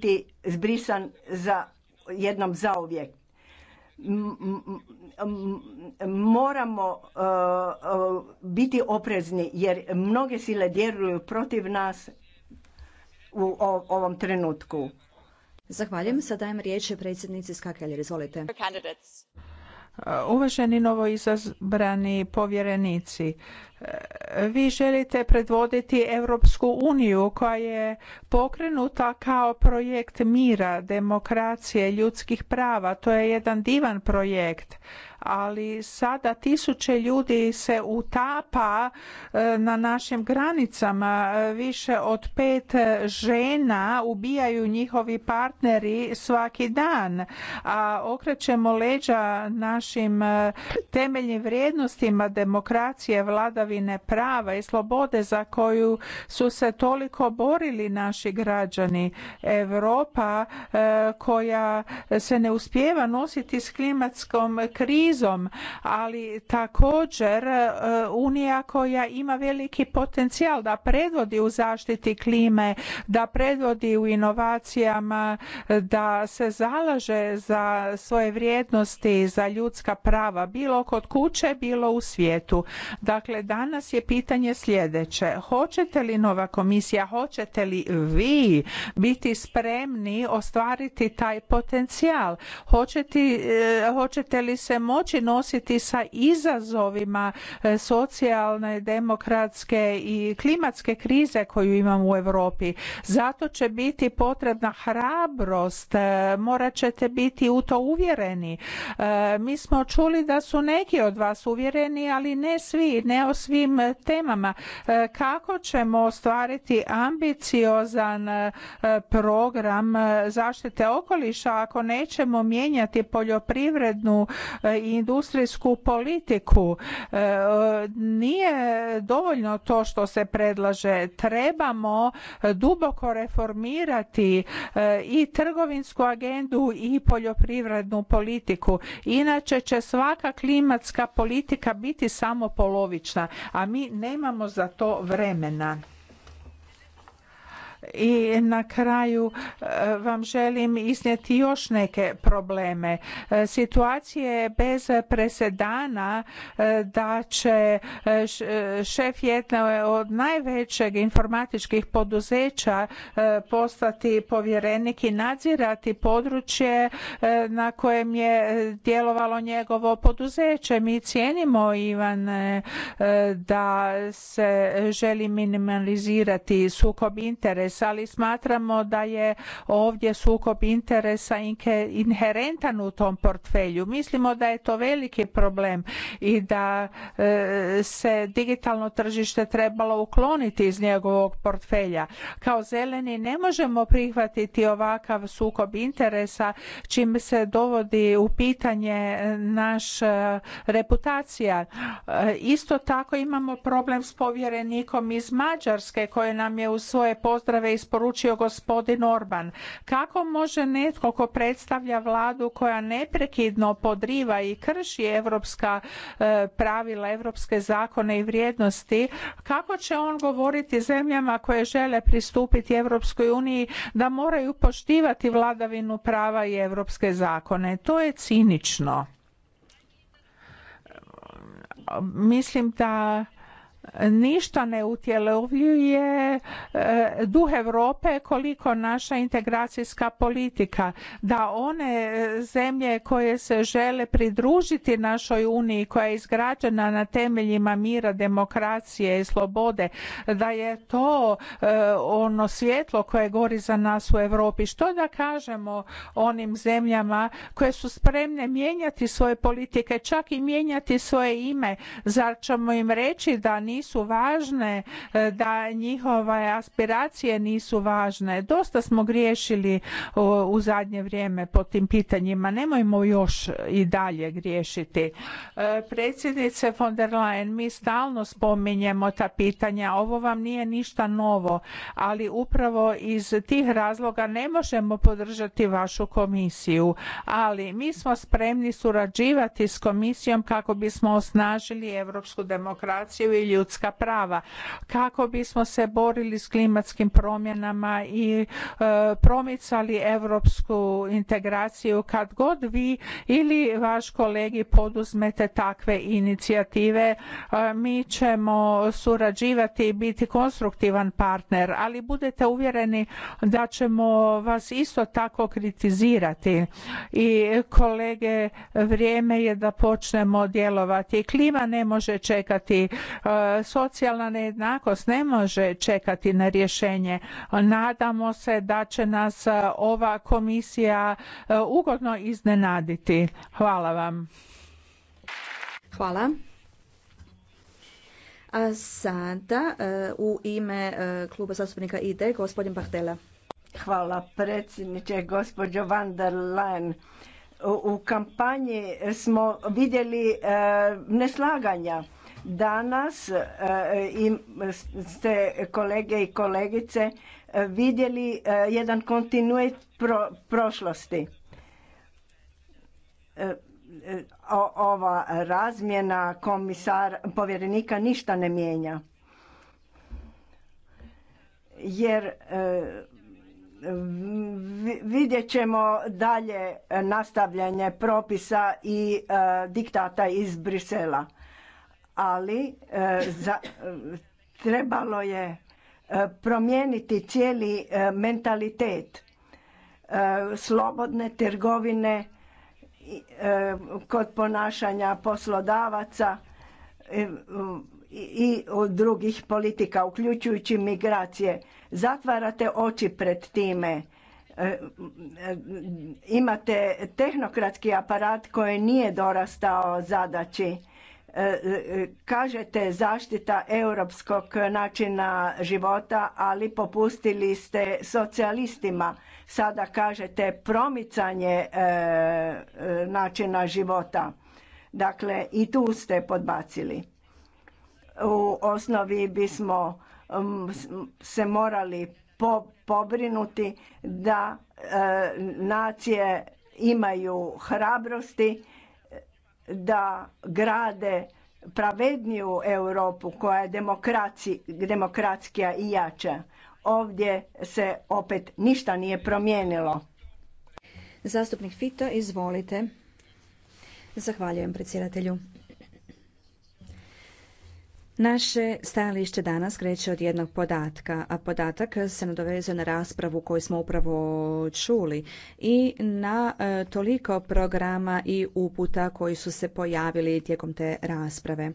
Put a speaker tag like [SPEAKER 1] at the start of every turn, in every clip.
[SPEAKER 1] biti zbrisan za jednom zauvijek. Moramo e, e, biti oprezni jer mnoge sile djeluju protiv nas u ovom trenutku. Zahvaljujem. Sada dajem riječ predsjednici Skakelj. Izvolite.
[SPEAKER 2] Uvaženi izabrani povjerenici, vi želite predvoditi Europsku uniju koja je pokrenuta kao projekt mira, demokracije, ljudskih prava. To je jedan divan projekt ali sada tisuće ljudi se utapa e, na našim granicama. E, više od pet žena ubijaju njihovi partneri svaki dan, a okrećemo leđa našim e, temeljnim vrijednostima demokracije, vladavine prava i slobode za koju su se toliko borili naši građani. Europa koja se ne uspijeva nositi s klimatskom krizom krizom, ali također e, Unija koja ima veliki potencijal da predvodi u zaštiti klime, da predvodi u inovacijama, da se zalaže za svoje vrijednosti, za ljudska prava, bilo kod kuće, bilo u svijetu. Dakle, danas je pitanje sljedeće. Hoćete li nova komisija, hoćete li vi biti spremni ostvariti taj potencijal? Hoćete, e, hoćete li se moći moći nositi sa izazovima e, socijalne, demokratske i klimatske krize koju imamo u Europi. Zato će biti potrebna hrabrost, e, morat ćete biti u to uvjereni. E, mi smo čuli da su neki od vas uvjereni, ali ne svi, ne o svim temama. Kako ćemo ostvariti ambiciozan program zaštite okoliša ako nećemo mijenjati poljoprivrednu i industrijsku politiku. E, nije dovoljno to što se predlaže. Trebamo duboko reformirati e, i trgovinsku agendu i poljoprivrednu politiku. Inače će svaka klimatska politika biti samo polovična, a mi nemamo za to vremena. I na kraju e, vam želim iznijeti još neke probleme. E, situacije bez presedana e, da će šef jedne od najvećeg informatičkih poduzeća postati povjerenik i nadzirati područje na kojem je djelovalo njegovo poduzeće. Mi cijenimo Ivan da se želi minimalizirati sukob interesa ali smatramo da je ovdje sukob interesa inherentan u tom portfelju. Mislimo da je to veliki problem i da e, se digitalno tržište trebalo ukloniti iz njegovog portfelja. Kao zeleni ne možemo prihvatiti ovakav sukob interesa čime se dovodi u pitanje naš e, reputacija. E, isto tako imamo problem s povjerenikom iz Mađarske koji nam je u svoje pozdrave rasprave isporučio gospodin Orban. Kako može netko ko predstavlja vladu koja neprekidno podriva i krši europska e, pravila, europske zakone i vrijednosti, kako će on govoriti zemljama koje žele pristupiti Europskoj uniji da moraju poštivati vladavinu prava i europske zakone? To je cinično. Mislim da ništa ne utjelovljuje e, duh Europe koliko naša integracijska politika da one e, zemlje koje se žele pridružiti našoj uniji koja je izgrađena na temeljima mira, demokracije i slobode da je to e, ono svjetlo koje gori za nas u Europi što da kažemo onim zemljama koje su spremne mijenjati svoje politike čak i mijenjati svoje ime zar ćemo im reći da nisu važne, e, da njihove aspiracije nisu važne. Dosta smo griješili u zadnje vrijeme po tim pitanjima. Nemojmo još i dalje griješiti. E, predsjednice von der Leyen, mi stalno spominjemo ta pitanja. Ovo vam nije ništa novo, ali upravo iz tih razloga ne možemo podržati vašu komisiju. Ali mi smo spremni surađivati s komisijom kako bismo osnažili europsku demokraciju i ljudska prava kako bismo se borili s klimatskim promjenama i e, promicali europsku integraciju kad god vi ili vaš kolegi poduzmete takve inicijative e, mi ćemo surađivati i biti konstruktivan partner ali budete uvjereni da ćemo vas isto tako kritizirati i kolege vrijeme je da počnemo djelovati klima ne može čekati e, socijalna nejednakost ne može čekati na rješenje. Nadamo se da će nas e, ova komisija e, ugodno iznenaditi. Hvala vam. Hvala. sada e,
[SPEAKER 1] u ime kluba zastupnika ID gospodin Bahtela. Hvala predsjedniče, gospođo van der Leyen. U kampanji smo vidjeli neslaganja Danas e, ste kolege i kolegice e, vidjeli e, jedan kontinuitet prošlosti. Ova razmjena komisar, povjerenika ništa ne mijenja. Jer vidjet ćemo dalje nastavljanje propisa i diktata iz Brisela ali e, e, trebalo je e, promijeniti cijeli mentalitet slobodne trgovine kod ponašanja poslodavaca i drugih politika, uključujući migracije. Zatvarate oči pred time. Imate tehnokratski aparat koji nije dorastao zadaći E, e, kažete zaštita europskog načina života, ali popustili ste socijalistima. Sada kažete promicanje e, načina života. Dakle, i tu ste podbacili. U osnovi bismo se morali pobrinuti da nacije imaju hrabrosti da grade pravedniju Europu koja je demokratskija i jača. Ovdje se opet ništa nije promijenilo. Zastupnik Fito, izvolite. Zahvaljujem
[SPEAKER 3] predsjedatelju. Naše stajalište danas kreće od jednog podatka, a podatak se nadovezuje na raspravu koju smo upravo čuli i na e, toliko programa i uputa koji su se pojavili tijekom te rasprave.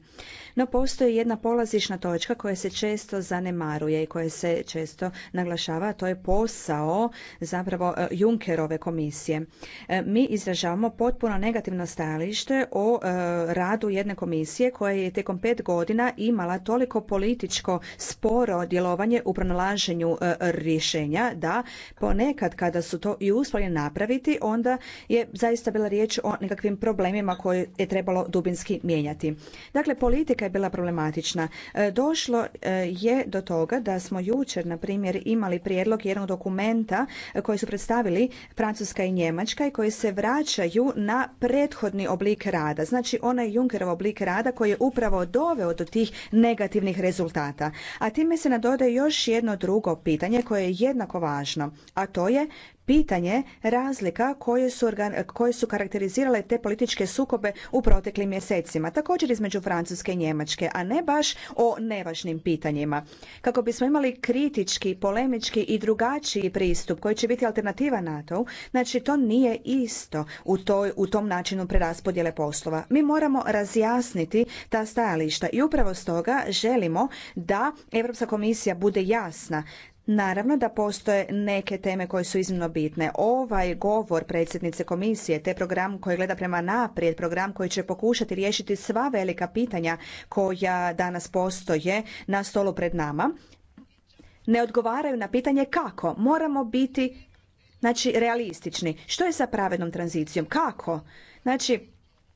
[SPEAKER 3] No postoji jedna polazišna točka koja se često zanemaruje i koja se često naglašava, to je posao zapravo e, Junkerove komisije. E, mi izražavamo potpuno negativno stajalište o radu jedne komisije koja je tijekom pet godina i imala toliko političko sporo djelovanje u pronalaženju e, rješenja da ponekad kada su to i uspjeli napraviti onda je zaista bila riječ o nekakvim problemima koje je trebalo dubinski mijenjati. Dakle, politika je bila problematična. E, došlo e, je do toga da smo jučer, na primjer, imali prijedlog jednog dokumenta koji su predstavili Francuska i Njemačka i koji se vraćaju na prethodni oblik rada. Znači, onaj Junkerov oblik rada koji je upravo doveo do tih negativnih rezultata. A time se nadodaje još jedno drugo pitanje koje je jednako važno, a to je pitanje razlika koje su, koje su karakterizirale te političke sukobe u proteklim mjesecima, također između Francuske i Njemačke, a ne baš o nevažnim pitanjima. Kako bismo imali kritički, polemički i drugačiji pristup koji će biti alternativa nato znači to nije isto u, toj, u tom načinu preraspodjele poslova. Mi moramo razjasniti ta stajališta i upravo stoga želimo da Europska komisija bude jasna Naravno da postoje neke teme koje su iznimno bitne. Ovaj govor predsjednice komisije, te program koji gleda prema naprijed, program koji će pokušati riješiti sva velika pitanja koja danas postoje na stolu pred nama, ne odgovaraju na pitanje kako. Moramo biti znači, realistični. Što je sa pravednom tranzicijom? Kako? Znači,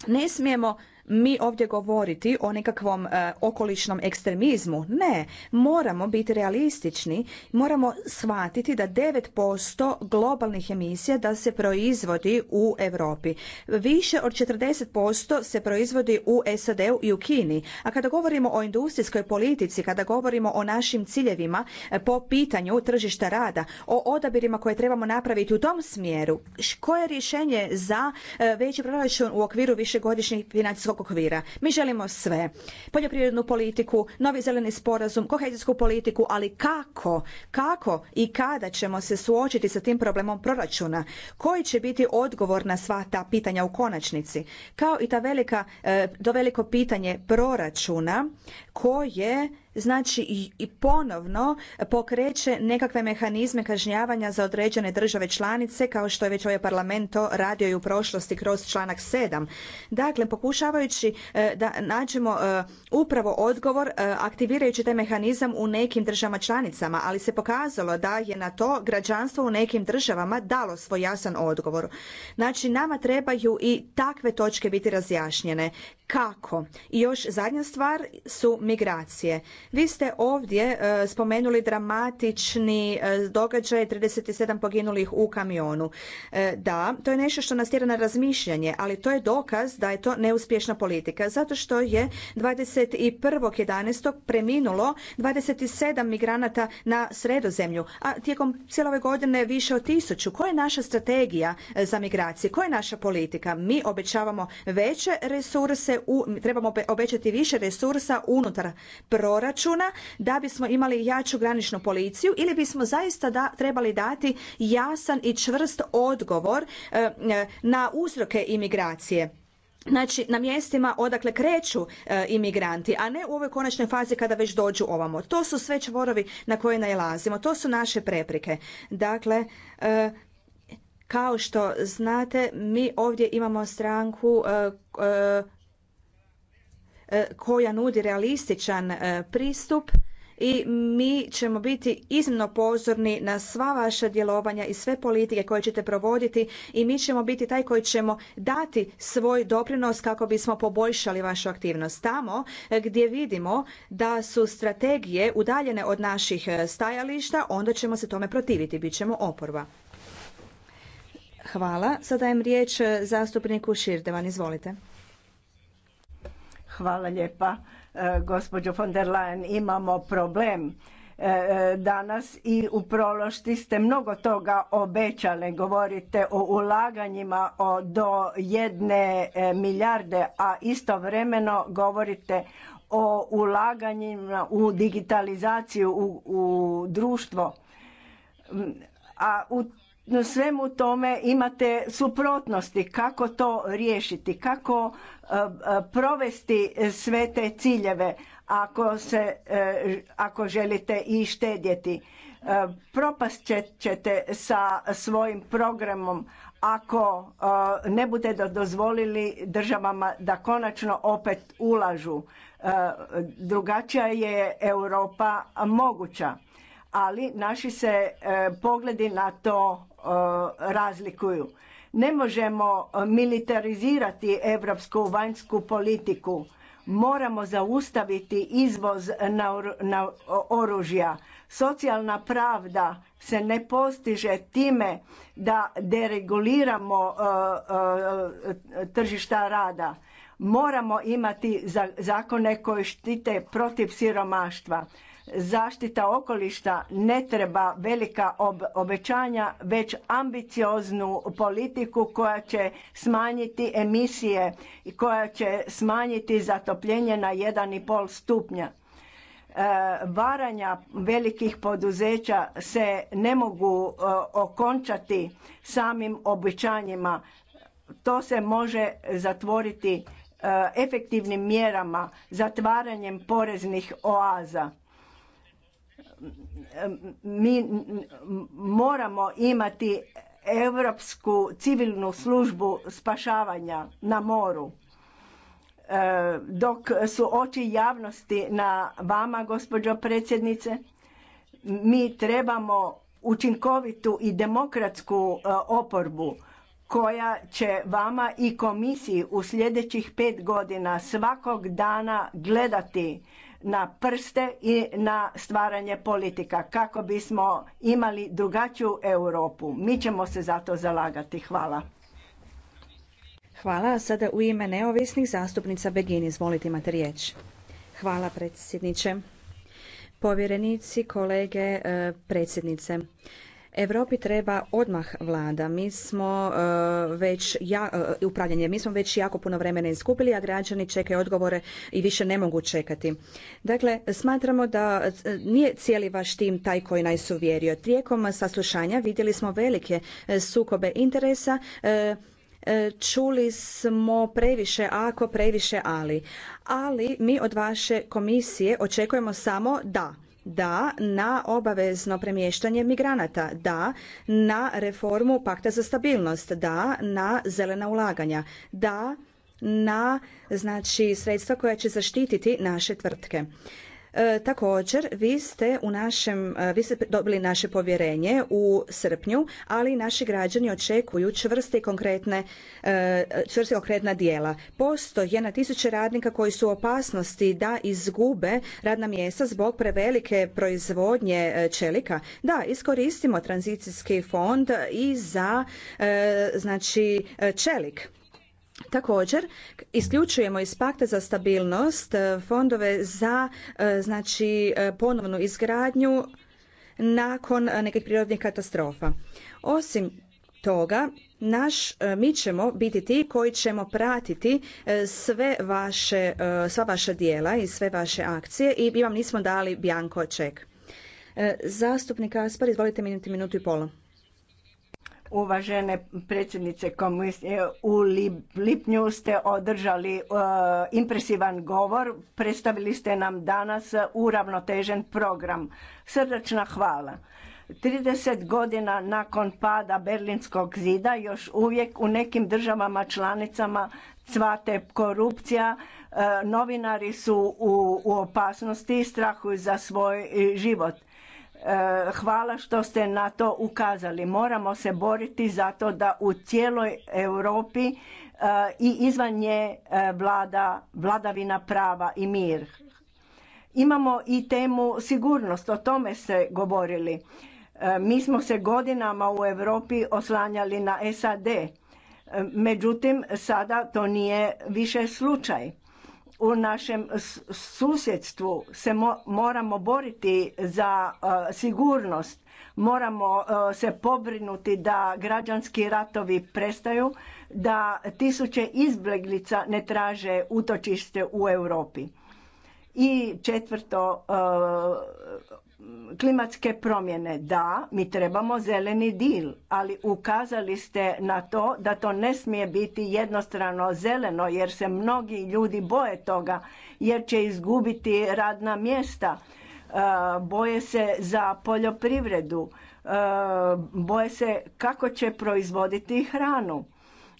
[SPEAKER 3] ne smijemo mi ovdje govoriti o nekakvom e, okolišnom ekstremizmu. Ne, moramo biti realistični, moramo shvatiti da 9% globalnih emisija da se proizvodi u Europi. Više od 40% se proizvodi u SAD-u i u Kini. A kada govorimo o industrijskoj politici, kada govorimo o našim ciljevima e, po pitanju tržišta rada, o odabirima koje trebamo napraviti u tom smjeru, koje je rješenje za e, veći proračun u okviru višegodišnjeg financijskog okvira. Mi želimo sve. Poljoprivrednu politiku, novi zeleni sporazum, kohezijsku politiku, ali kako? Kako i kada ćemo se suočiti sa tim problemom proračuna? Koji će biti odgovor na sva ta pitanja u konačnici? Kao i ta velika, to e, veliko pitanje proračuna koje znači i ponovno pokreće nekakve mehanizme kažnjavanja za određene države članice kao što je već ovaj parlament to radio i u prošlosti kroz članak 7. Dakle, pokušavajući e, da nađemo e, upravo odgovor e, aktivirajući taj mehanizam u nekim državama članicama, ali se pokazalo da je na to građanstvo u nekim državama dalo svoj jasan odgovor. Znači, nama trebaju i takve točke biti razjašnjene. Kako? I još zadnja stvar su migracije vi ste ovdje e, spomenuli dramatični e, događaj 37 poginulih u kamionu. E, da, to je nešto što nas tjera na razmišljanje, ali to je dokaz da je to neuspješna politika zato što je 21.11. preminulo 27 migranata na sredozemlju, a tijekom cijele ove godine više od tisuću. Koja je naša strategija za migracije? Koja je naša politika? Mi obećavamo veće resurse, trebamo obećati više resursa unutar proračuna proračuna da bismo imali jaču graničnu policiju ili bismo zaista da, trebali dati jasan i čvrst odgovor e, e, na uzroke imigracije znači na mjestima odakle kreću e, imigranti a ne u ovoj konačnoj fazi kada već dođu ovamo to su sve čvorovi na koje najlazimo. to su naše preprike. dakle kao što znate mi ovdje imamo stranku E, koja nudi realističan e, pristup i mi ćemo biti iznimno pozorni na sva vaša djelovanja i sve politike koje ćete provoditi i mi ćemo biti taj koji ćemo dati svoj doprinos kako bismo poboljšali vašu aktivnost. Tamo e, gdje vidimo da su strategije udaljene od naših stajališta, onda ćemo se tome protiviti, bit ćemo oporba. Hvala. Sada dajem riječ zastupniku Širdevan. Izvolite.
[SPEAKER 1] Hvala lijepa, e, gospođo von der Leyen. Imamo problem e, e, danas i u prološti ste mnogo toga obećali. Govorite o ulaganjima do jedne milijarde, a istovremeno govorite o ulaganjima u digitalizaciju, u, u društvo. A u svemu tome imate suprotnosti kako to riješiti, kako e, e, provesti sve te ciljeve ako, se, e, ako želite i štedjeti. Propast ćete sa svojim programom ako ne budete dozvolili državama da konačno opet ulažu. Drugačija je Europa moguća ali naši se e, pogledi na to e, razlikuju. Ne možemo e, militarizirati evropsku vanjsku politiku. Moramo zaustaviti izvoz na, na oružja. Socijalna pravda se ne postiže time da dereguliramo tržišta rada. Moramo imati zakone koji štite protiv siromaštva zaštita okolišta ne treba velika obećanja već ambicioznu politiku koja će smanjiti emisije i koja će smanjiti zatopljenje na 1,5 stupnja e, varanja velikih poduzeća se ne mogu e, okončati samim obećanjima to se može zatvoriti e, efektivnim mjerama zatvaranjem poreznih oaza mi moramo imati europsku civilnu službu spašavanja na moru e, dok su oči javnosti na vama gospođo predsjednice mi trebamo učinkovitu i demokratsku e, oporbu koja će vama i komisiji u sljedećih pet godina svakog dana gledati na prste i na stvaranje politika kako bismo imali drugačiju Europu. Mi ćemo se za to zalagati. Hvala. Hvala. Sada u
[SPEAKER 3] ime neovisnih zastupnica Begin. Izvolite, imate riječ. Hvala predsjedniče. Povjerenici, kolege, eh, predsjednice. Europi treba odmah vlada. Mi smo e, već ja, e, upravljanje, mi smo već jako puno vremena izgubili, a građani čekaju odgovore i više ne mogu čekati. Dakle, smatramo da e, nije cijeli vaš tim taj koji nas uvjerio. Tijekom saslušanja vidjeli smo velike sukobe interesa. čuli smo previše ako, previše ali. Ali mi od vaše komisije očekujemo samo da da na obavezno premještanje migranata, da na reformu pakta za stabilnost, da na zelena ulaganja, da na znači sredstva koja će zaštititi naše tvrtke. E, također, vi ste u našem, e, vi ste dobili naše povjerenje u srpnju, ali naši građani očekuju čvrste i konkretne, e, čvrste i konkretna dijela. Postoje na tisuće radnika koji su u opasnosti da izgube radna mjesta zbog prevelike proizvodnje čelika. Da, iskoristimo tranzicijski fond i za znači čelik Također, isključujemo iz pakta za stabilnost e, fondove za e, znači, e, ponovnu izgradnju nakon nekih prirodnih katastrofa. Osim toga, naš, mi ćemo biti ti koji ćemo pratiti sve vaše, sva vaša dijela i sve vaše akcije i mi vam nismo dali bjanko ček. Zastupnik Aspar, izvolite minuti, minutu i pol.
[SPEAKER 1] Uvažene predsjednice komisije, u lipnju ste održali e, impresivan govor, predstavili ste nam danas uravnotežen program. Srdačna hvala. 30 godina nakon pada Berlinskog zida još uvijek u nekim državama članicama cvate korupcija, e, novinari su u opasnosti i strahuju za svoj život Eh, hvala što ste na to ukazali. Moramo se boriti zato da u cijeloj Europi eh, i izvan nje eh, vlada vladavina prava i mir. Imamo i temu sigurnost, o tome ste govorili. Mi smo se godinama u Europi oslanjali na SAD. Međutim, sada to nije više slučaj u našem susjedstvu se moramo boriti za e, sigurnost moramo e, se pobrinuti da građanski ratovi prestaju da tisuće izbjeglica ne traže utočište u Europi i četvrto e, klimatske promjene da mi trebamo zeleni dil ali ukazali ste na to da to ne smije biti jednostrano zeleno jer se mnogi ljudi boje toga jer će izgubiti radna mjesta e, boje se za poljoprivredu e, boje se kako će proizvoditi hranu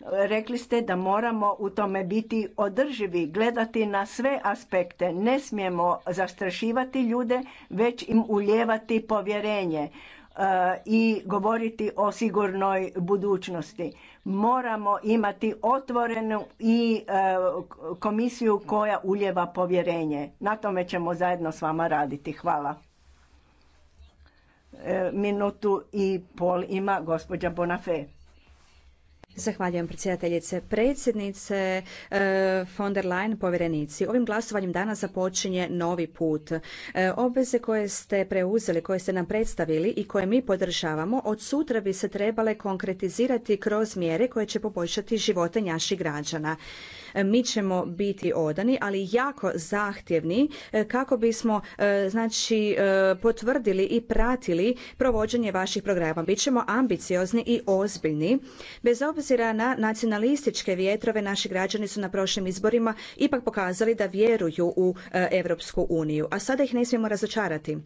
[SPEAKER 1] Rekli ste da moramo u tome biti održivi, gledati na sve aspekte. Ne smijemo zastrašivati ljude, već im uljevati povjerenje e, i govoriti o sigurnoj budućnosti. Moramo imati otvorenu i e, komisiju koja uljeva povjerenje. Na tome ćemo zajedno s vama raditi. Hvala. E, minutu i pol ima gospođa Bonafé. Zahvaljujem
[SPEAKER 3] predsjedateljice. Predsjednice e, von der Leyen, povjerenici, ovim glasovanjem danas započinje novi put. E, obveze koje ste preuzeli, koje ste nam predstavili i koje mi podržavamo, od sutra bi se trebale konkretizirati kroz mjere koje će poboljšati živote naših građana. E, mi ćemo biti odani, ali jako zahtjevni kako bismo znači, potvrdili i pratili provođenje vaših programa. ćemo ambiciozni i ozbiljni, bez obzira obzira na nacionalističke vjetrove, naši građani su na prošlim izborima ipak pokazali da vjeruju u Europsku uniju, a sada ih ne smijemo razočarati.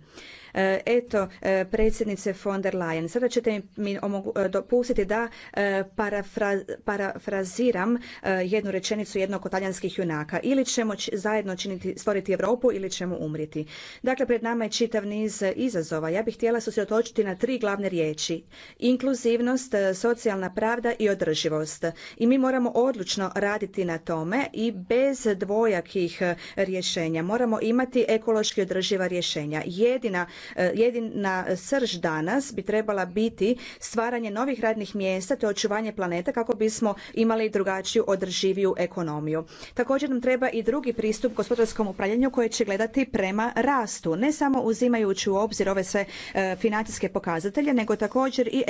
[SPEAKER 3] E, eto e, predsjednice von der Leyen, sada ćete mi e, dopustiti da parafraziram jednu rečenicu jednog od talijanskih junaka. Ili ćemo zajedno činiti, stvoriti Europu ili ćemo umrijeti. Dakle, pred nama je čitav niz izazova. Ja bih htjela susredotočiti na tri glavne riječi. Inkluzivnost, socijalna pravda i održivost. I mi moramo odlučno raditi na tome i bez dvojakih rješenja. Moramo imati ekološki održiva rješenja. Jedina E, jedina srž danas bi trebala biti stvaranje novih radnih mjesta te očuvanje planeta kako bismo imali drugačiju održiviju ekonomiju. Također nam treba i drugi pristup gospodarskom upravljanju koje će gledati prema rastu, ne samo uzimajući u obzir ove sve e, financijske pokazatelje, nego također i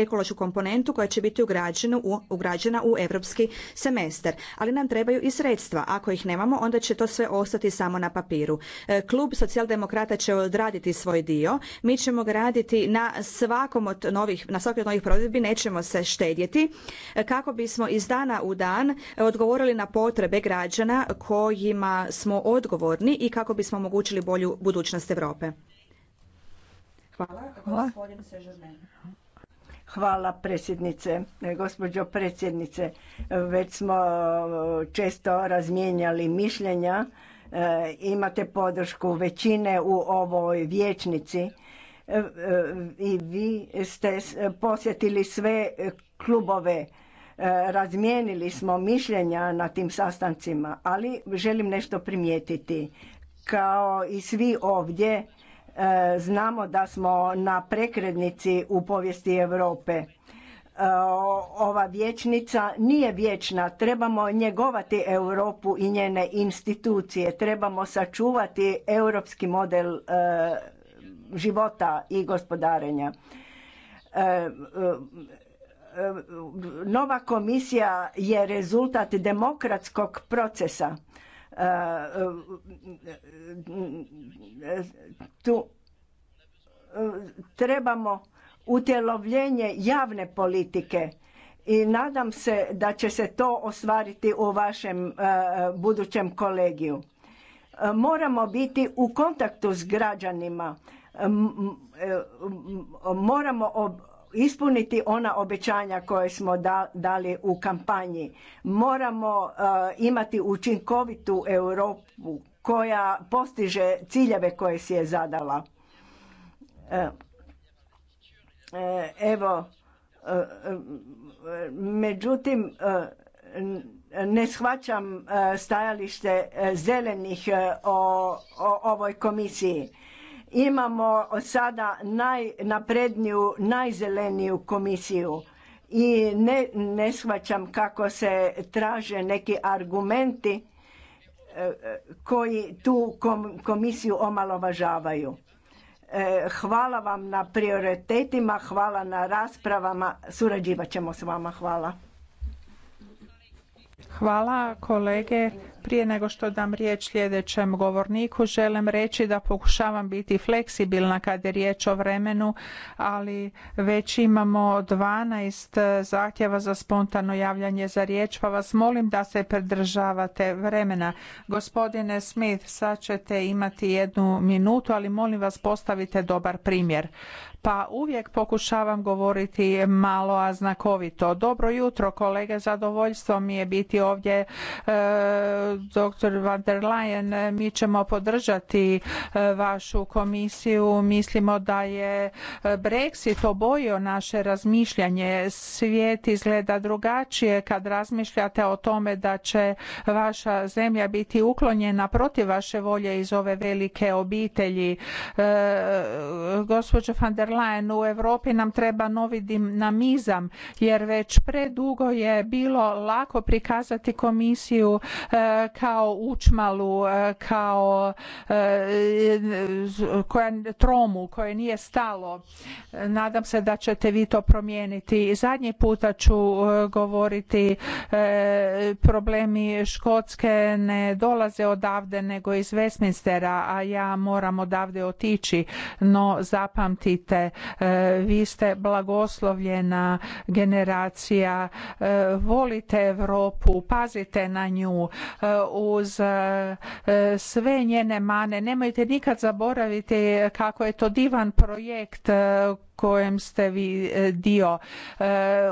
[SPEAKER 3] ekološku, komponentu koja će biti ugrađena u, ugrađena u europski semestar. Ali nam trebaju i sredstva. Ako ih nemamo, onda će to sve ostati samo na papiru. E, klub socijaldemokrata će odraditi svoj dio. Mi ćemo graditi raditi na svakom od novih, na svakoj od novih provedbi, nećemo se štedjeti kako bismo iz dana u dan odgovorili na potrebe građana kojima smo odgovorni i kako bismo omogućili bolju budućnost Europe. Hvala. Hvala.
[SPEAKER 1] Hvala predsjednice, gospođo predsjednice. Već smo e, često razmijenjali mišljenja E, imate podršku većine u ovoj vječnici e, e, i vi ste posjetili sve klubove razmijenili smo mišljenja na tim sastancima ali želim nešto primijetiti kao i svi ovdje znamo da smo na prekretnici u povijesti Europe ova vječnica nije vječna. Trebamo njegovati Europu i njene institucije. Trebamo sačuvati europski model e, života i gospodarenja. E, e, nova komisija je rezultat demokratskog procesa. trebamo utjelovljenje javne politike i nadam se da će se to ostvariti u vašem e, budućem kolegiju. E, moramo biti u kontaktu s građanima, e, moramo ispuniti ona obećanja koje smo dali u kampanji. Moramo imati učinkovitu Europu koja postiže ciljeve koje si je zadala E, evo, e, e, međutim, ne shvaćam stajalište zelenih o, ovoj komisiji. Imamo sada najnapredniju, najzeleniju komisiju i ne, ne shvaćam kako se traže neki argumenti koji tu komisiju omalovažavaju. E, hvala vam na prioritetima, hvala na raspravama, surađivat ćemo s vama, hvala.
[SPEAKER 2] Hvala kolege prije nego što dam riječ sljedećem govorniku, želim reći da pokušavam biti fleksibilna kad je riječ o vremenu, ali već imamo 12 zahtjeva za spontano javljanje za riječ, pa vas molim da se pridržavate vremena. Gospodine Smith, sad ćete imati jednu minutu, ali molim vas postavite dobar primjer. Pa uvijek pokušavam govoriti malo, a znakovito. Dobro jutro kolege, zadovoljstvo mi je biti ovdje e, dr. van der Leyen, mi ćemo podržati e, vašu komisiju. Mislimo da je e, Brexit obojio naše razmišljanje. Svijet izgleda drugačije kad razmišljate o tome da će vaša zemlja biti uklonjena protiv vaše volje iz ove velike obitelji. E, gospođo van der Leyen, u Europi nam treba novi dinamizam jer već predugo je bilo lako prikazati komisiju kao učmalu, e, kao e, koja, tromu koje nije stalo. Nadam se da ćete vi to promijeniti. Zadnji puta ću e, govoriti problemi Škotske ne dolaze odavde nego iz Westminstera, a ja moram odavde otići. No zapamtite, vi ste blagoslovljena generacija, volite Europu, pazite na nju, uz e, sve njene mane. Nemojte nikad zaboraviti kako je to divan projekt e, kojem ste vi e, dio.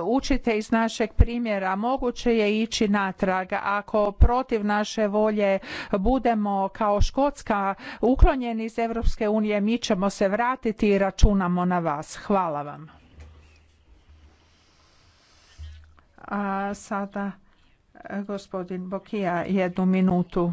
[SPEAKER 2] Učite iz našeg primjera. Moguće je ići natrag. Ako protiv naše volje budemo kao Škotska uklonjeni iz Europske unije, mi ćemo se vratiti i računamo na vas. Hvala vam. A sada Gospodin Bokija, jednu minutu.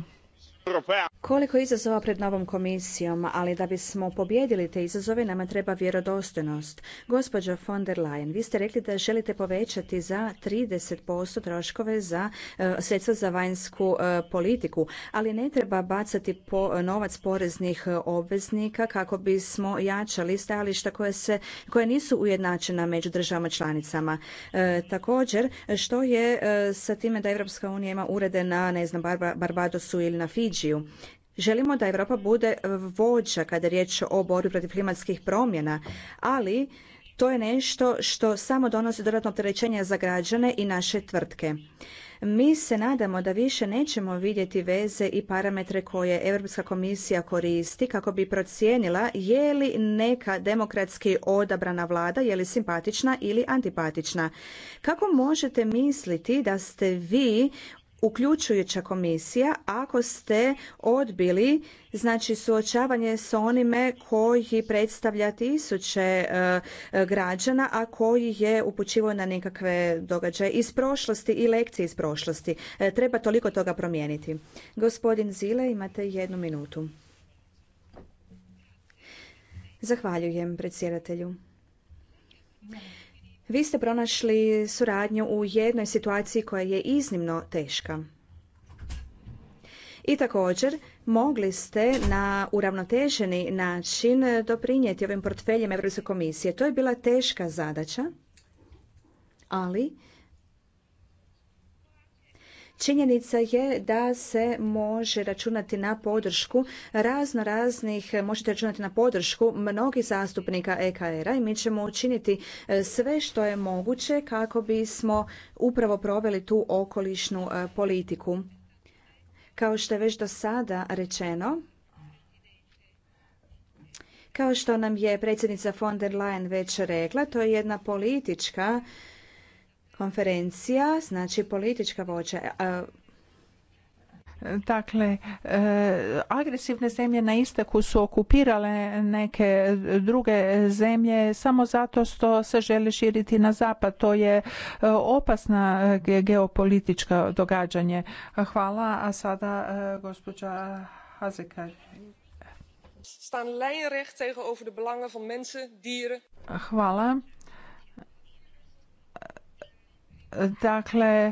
[SPEAKER 3] Koliko izazova pred novom komisijom, ali da bismo pobjedili te izazove, nama treba vjerodostojnost. Gospođo von der Leyen, vi ste rekli da želite povećati za 30% troškove za e, sredstva za vanjsku e, politiku, ali ne treba bacati po novac poreznih e, obveznika kako bismo jačali stajališta koje, se, koje nisu ujednačena među državama članicama. također, što je sa time da Europska unija ima urede na, ne znam, Barbadosu ili na Fiji, Fidžiju. Želimo da Europa bude vođa kada je riječ o borbi protiv klimatskih promjena, ali to je nešto što samo donosi dodatno opterećenje za građane i naše tvrtke. Mi se nadamo da više nećemo vidjeti veze i parametre koje Europska komisija koristi kako bi procijenila je li neka demokratski odabrana vlada je li simpatična ili antipatična. Kako možete misliti da ste vi uključujuća komisija ako ste odbili znači suočavanje s onime koji predstavlja tisuće e, građana a koji je upućivao na nekakve događaje iz prošlosti i lekcije iz prošlosti e, treba toliko toga promijeniti gospodin Zile imate jednu minutu zahvaljujem predsjedatelju vi ste pronašli suradnju u jednoj situaciji koja je iznimno teška. I također, mogli ste na uravnoteženi način doprinijeti ovim portfeljem Europske komisije. To je bila teška zadaća, ali Činjenica je da se može računati na podršku razno raznih, možete računati na podršku mnogih zastupnika EKR-a i mi ćemo učiniti e, sve što je moguće kako bismo upravo proveli tu okolišnu e, politiku. Kao što je već do sada rečeno, kao što nam je predsjednica von der Leyen već rekla, to je jedna politička
[SPEAKER 2] konferencija, znači politička voća. Dakle, e, agresivne zemlje na istoku su okupirale neke druge zemlje samo zato što se žele širiti na zapad. To je e, opasna geopolitička događanje. Hvala. A sada e, gospođa Hazekar. Hvala. Dakle,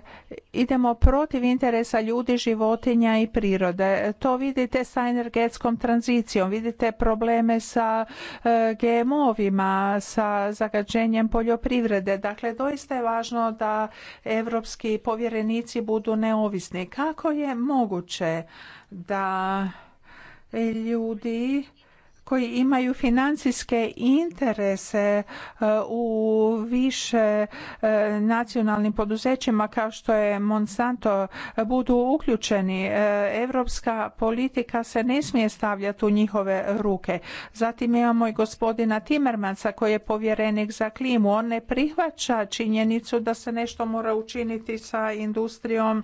[SPEAKER 2] idemo protiv interesa ljudi, životinja i prirode. To vidite sa energetskom tranzicijom, vidite probleme sa e, GMO-ovima, sa zagađenjem poljoprivrede. Dakle, doista je važno da europski povjerenici budu neovisni. Kako je moguće da ljudi koji imaju financijske interese e, u više e, nacionalnim poduzećima kao što je Monsanto budu uključeni. Europska politika se ne smije stavljati u njihove ruke. Zatim imamo i gospodina Timermansa koji je povjerenik za klimu. On ne prihvaća činjenicu da se nešto mora učiniti sa industrijom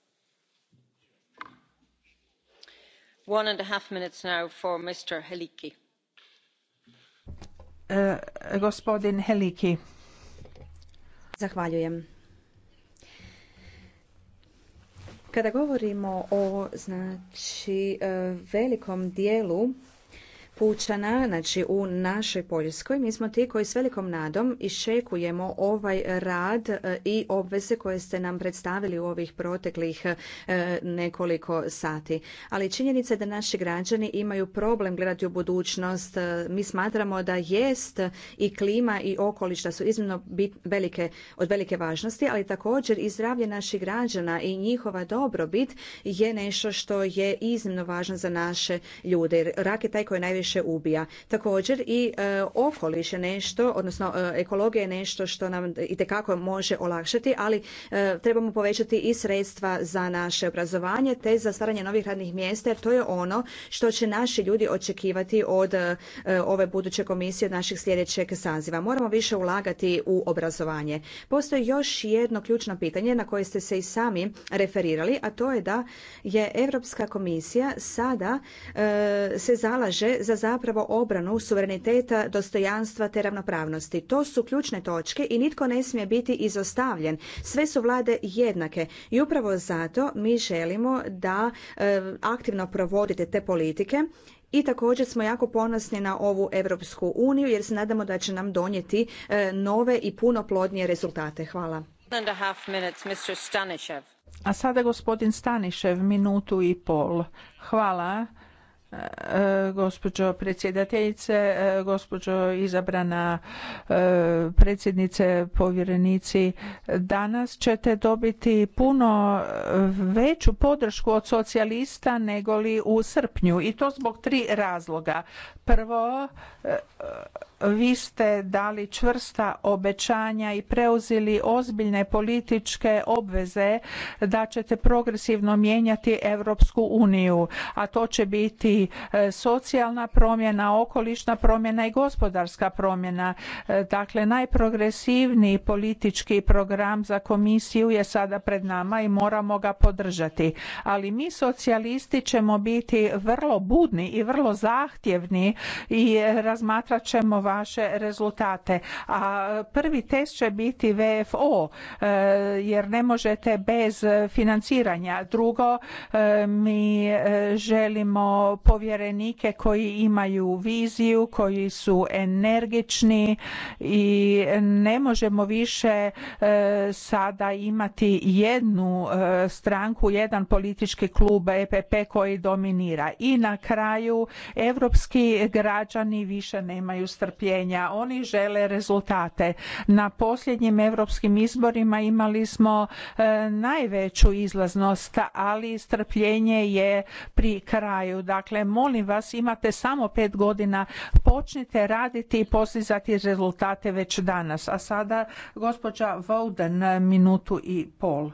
[SPEAKER 2] E, gospodin Heliki. Zahvaljujem. Kada govorimo
[SPEAKER 3] o znači e, velikom dijelu pučana, znači u našoj Poljskoj. Mi smo ti koji s velikom nadom iščekujemo ovaj rad e, i obveze koje ste nam predstavili u ovih proteklih e, nekoliko sati. Ali činjenica je da naši građani imaju problem gledati u budućnost. E, mi smatramo da jest i klima i okoliš su iznimno velike, od velike važnosti, ali također i zdravlje naših građana i njihova dobrobit je nešto što je iznimno važno za naše ljude. Rak je taj koji najviše više ubija. Također i e, okoliš je nešto, odnosno e, ekologija je nešto što nam itekako može olakšati, ali e, trebamo povećati i sredstva za naše obrazovanje te za stvaranje novih radnih mjesta jer to je ono što će naši ljudi očekivati od ove buduće komisije, od naših sljedećeg saziva. Moramo više ulagati u obrazovanje. Postoji još jedno ključno pitanje na koje ste se i sami referirali, a to je da je Europska komisija sada se zalaže za zapravo obranu suvereniteta, dostojanstva te ravnopravnosti. To su ključne točke i nitko ne smije biti izostavljen. Sve su vlade jednake i upravo zato mi želimo da e, aktivno provodite te politike i također smo jako ponosni na ovu Europsku uniju jer se nadamo da će nam donijeti e, nove i puno plodnije rezultate.
[SPEAKER 2] Hvala. A sada gospodin Stanišev, minutu i pol. Hvala E, gospođo predsjedateljice, e, gospođo izabrana e, predsjednice, povjerenici. Danas ćete dobiti puno veću podršku od socijalista nego li u srpnju i to zbog tri razloga. Prvo, vi ste dali čvrsta obećanja i preuzeli ozbiljne političke obveze da ćete progresivno mijenjati Europsku uniju, a to će biti e, socijalna promjena, okolišna promjena i gospodarska promjena. E, dakle, najprogresivniji politički program za komisiju je sada pred nama i moramo ga podržati. Ali mi socijalisti ćemo biti vrlo budni i vrlo zahtjevni i e, razmatrat ćemo vaše rezultate. A prvi test će biti VFO e, jer ne možete bez financiranja. Drugo, e, mi e, želimo povjerenike koji imaju viziju, koji su energični i ne možemo više sada imati jednu stranku, jedan politički klub EPP koji dominira. I na kraju, europski građani više nemaju strpljenja strpljenja, oni žele rezultate. Na posljednjim europskim izborima imali smo e, najveću izlaznost, ali strpljenje je pri kraju. Dakle, molim vas, imate samo pet godina, počnite raditi i postizati rezultate već danas. A sada gospođa Voden minutu i pol.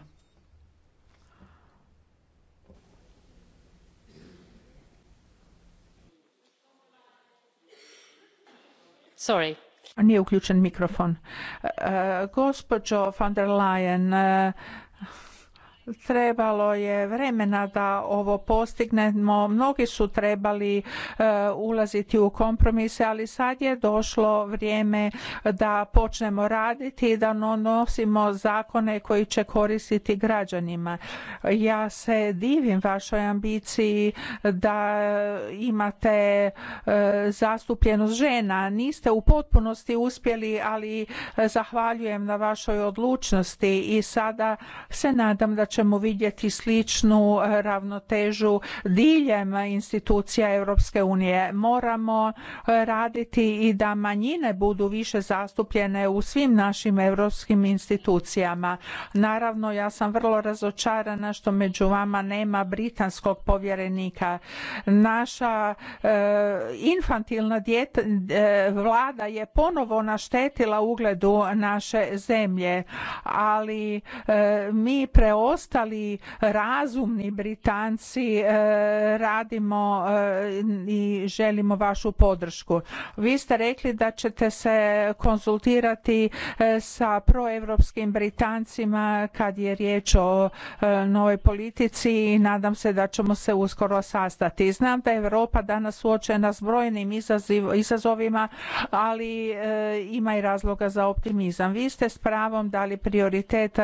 [SPEAKER 2] Sorry. Nije uključen mikrofon. E, e, gospođo van der e, trebalo je vremena da ovo postignemo mnogi su trebali e, ulaziti u kompromise ali sad je došlo vrijeme da počnemo raditi i da nosimo zakone koji će koristiti građanima ja se divim vašoj ambiciji da imate e, zastupljenost žena niste u potpunosti uspjeli ali zahvaljujem na vašoj odlučnosti i sada se nadam da će ćemo vidjeti sličnu e, ravnotežu diljem institucija Europske unije. Moramo e, raditi i da manjine budu više zastupljene u svim našim europskim institucijama. Naravno, ja sam vrlo razočarana što među vama nema britanskog povjerenika. Naša e, infantilna vlada je ponovo naštetila ugledu naše zemlje, ali mi preostavljamo ostali razumni Britanci e, radimo e, i želimo vašu podršku. Vi ste rekli da ćete se konzultirati e, sa proevropskim Britancima kad je riječ o novoj politici i nadam se da ćemo se uskoro sastati. Znam da je Europa danas suočena s brojnim izazovima, ali ima i razloga za optimizam. Vi ste s pravom dali prioritet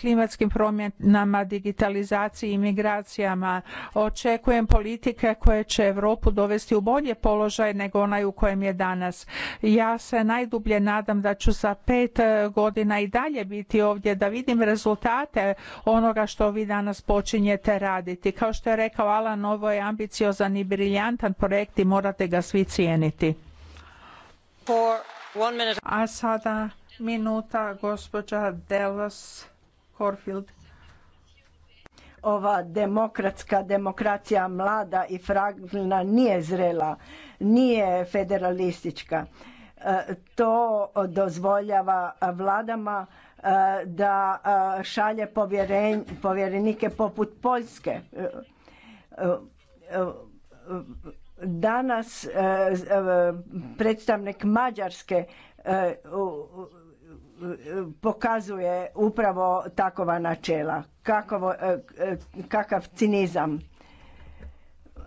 [SPEAKER 2] klimatskim promjenama promjenama, digitalizaciji i migracijama. Očekujem politike koje će Europu dovesti u bolji položaj nego onaj u kojem je danas. Ja se najdublje nadam da ću za pet godina i dalje biti ovdje da vidim rezultate onoga što vi danas počinjete raditi. Kao što je rekao Alan, ovo je ambiciozan i briljantan projekt i morate ga svi cijeniti. A sada minuta gospođa
[SPEAKER 1] Delos Corfield ova demokratska demokracija mlada i fragilna nije zrela, nije federalistička. E, to dozvoljava vladama e, da e, šalje povjerenike poput Poljske. Danas predstavnik Mađarske pokazuje upravo takova načela. E, e, kakav cinizam.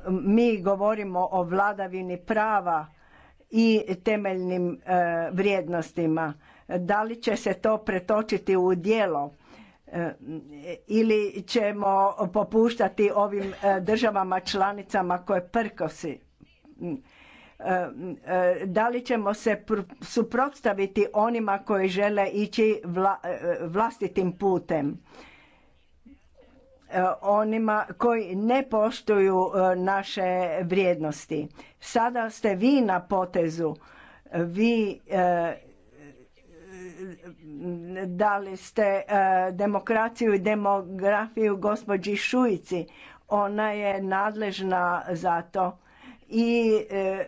[SPEAKER 1] Mi govorimo o vladavini prava i temeljnim e, vrijednostima. Da li će se to pretočiti u djelo? ili ćemo popuštati ovim državama članicama koje prkosi Eh, da li ćemo se suprotstaviti onima koji žele ići eh, vlastitim putem eh, onima koji ne poštuju naše vrijednosti. Sada ste vi na potezu. Vi dali ste demokraciju i demografiju gospođi Šujici. Ona je nadležna za to i e,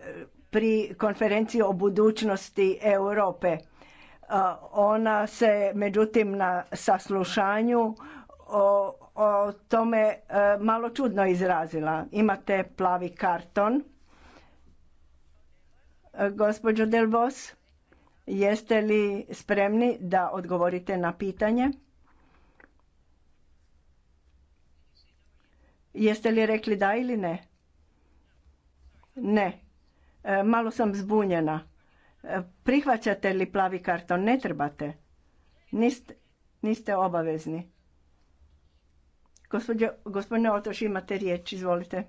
[SPEAKER 1] pri konferenciji o budućnosti Europe. E, ona se međutim na saslušanju o, o tome e, malo čudno izrazila. Imate plavi karton. Gospođo Delbos, jeste li spremni da odgovorite na pitanje? Jeste li rekli da ili ne? Ne. E, malo sam zbunjena. E, prihvaćate li plavi karton? Ne trebate. Niste, obavezni. gospodine Otoš, imate riječ, izvolite.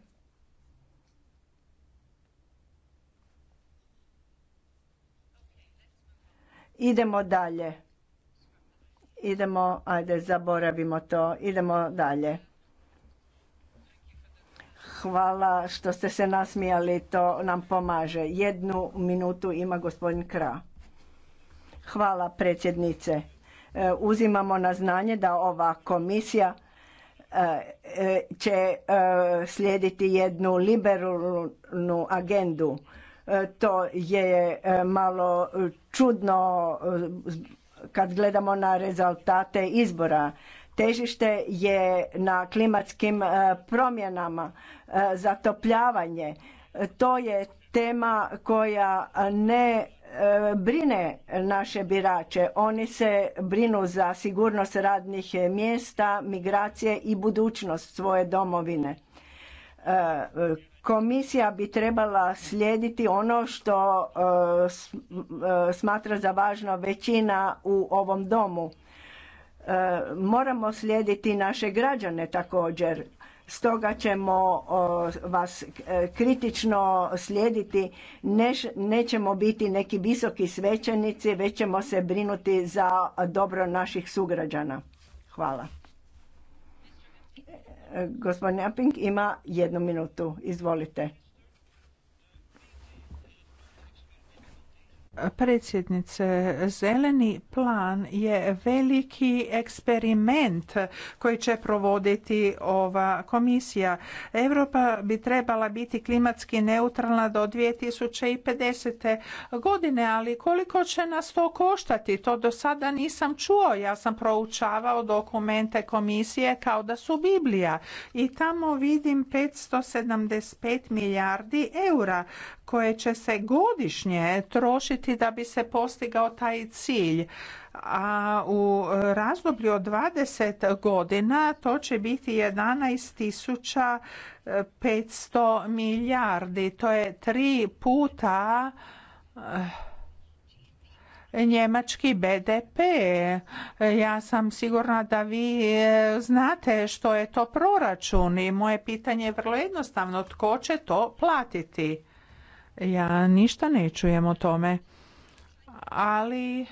[SPEAKER 1] Idemo dalje. Idemo, ajde, zaboravimo to. Idemo dalje. Hvala što ste se nasmijali, to nam pomaže. Jednu minutu ima gospodin Kra. Hvala predsjednice. E, uzimamo na znanje da ova komisija e, e, će slijediti jednu liberalnu agendu. To je malo čudno kad gledamo na rezultate izbora Težište je na klimatskim e, promjenama, e, zatopljavanje. To je tema koja ne e, brine naše birače. Oni se brinu za sigurnost radnih mjesta, migracije i budućnost svoje domovine. Komisija bi trebala slijediti ono što smatra za važno većina u ovom domu E, moramo slijediti naše građane također. Stoga ćemo vas e, kritično slijediti, nećemo biti neki visoki svećenici, već ćemo se brinuti za dobro naših sugrađana. Hvala. E, gospodin Apink ima jednu minutu. Izvolite.
[SPEAKER 2] predsjednice zeleni plan je veliki eksperiment koji će provoditi ova komisija Europa bi trebala biti klimatski neutralna do 2050. godine ali koliko će nas to koštati to do sada nisam čuo ja sam proučavao dokumente komisije kao da su biblija i tamo vidim 575 milijardi eura koje će se godišnje trošiti učiniti da bi se postigao taj cilj a u razdoblju od 20 godina to će biti 11.500 milijardi. To je tri puta eh, njemački BDP. Ja sam sigurna da vi eh, znate što je to proračun i moje pitanje je vrlo jednostavno. Tko će to platiti? Ja ništa ne čujem o tome ali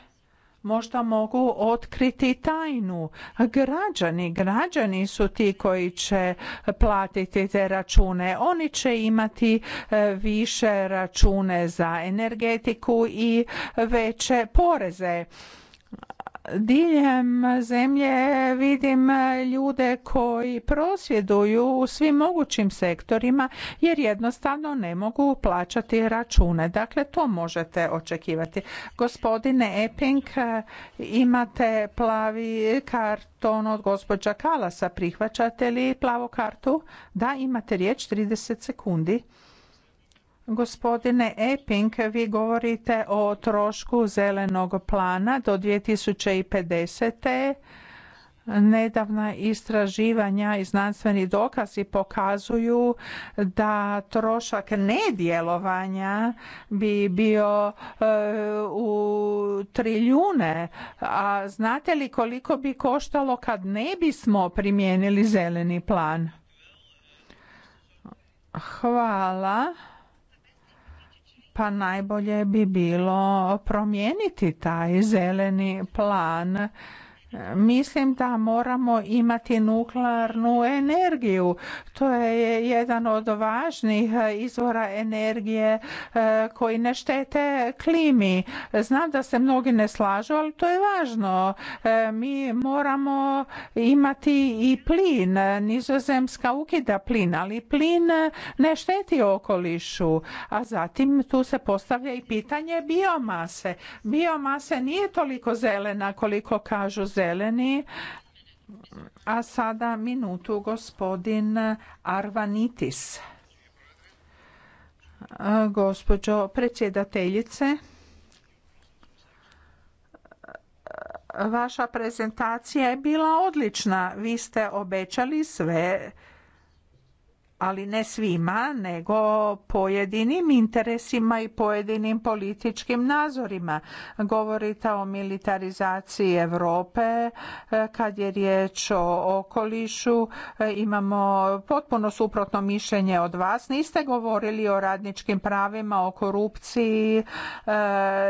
[SPEAKER 2] možda mogu otkriti tajnu. Građani, građani su ti koji će platiti te račune. Oni će imati e, više račune za energetiku i veće poreze diljem zemlje vidim ljude koji prosvjeduju u svim mogućim sektorima jer jednostavno ne mogu plaćati račune. Dakle, to možete očekivati. Gospodine Epping, imate plavi karton od gospođa Kalasa. Prihvaćate li plavu kartu? Da, imate riječ 30 sekundi. Gospodine Epping, vi govorite o trošku zelenog plana do 2050. Nedavna istraživanja i znanstveni dokazi pokazuju da trošak nedjelovanja bi bio e, u triljune. A znate li koliko bi koštalo kad ne bismo primijenili zeleni plan? Hvala pa najbolje bi bilo promijeniti taj zeleni plan Mislim da moramo imati nuklearnu energiju. To je jedan od važnih izvora energije e, koji ne štete klimi. Znam da se mnogi ne slažu, ali to je važno. E, mi moramo imati i plin. Nizozemska ukida plin, ali plin ne šteti okolišu. A zatim tu se postavlja i pitanje biomase. Biomase nije toliko zelena koliko kažu zelena zeleni. A sada minutu gospodin Arvanitis. Gospođo predsjedateljice, vaša prezentacija je bila odlična. Vi ste obećali sve ali ne svima, nego pojedinim interesima i pojedinim političkim nazorima. Govorite o militarizaciji Europe, kad je riječ o okolišu, imamo potpuno suprotno mišljenje od vas. Niste govorili o radničkim pravima, o korupciji, eh,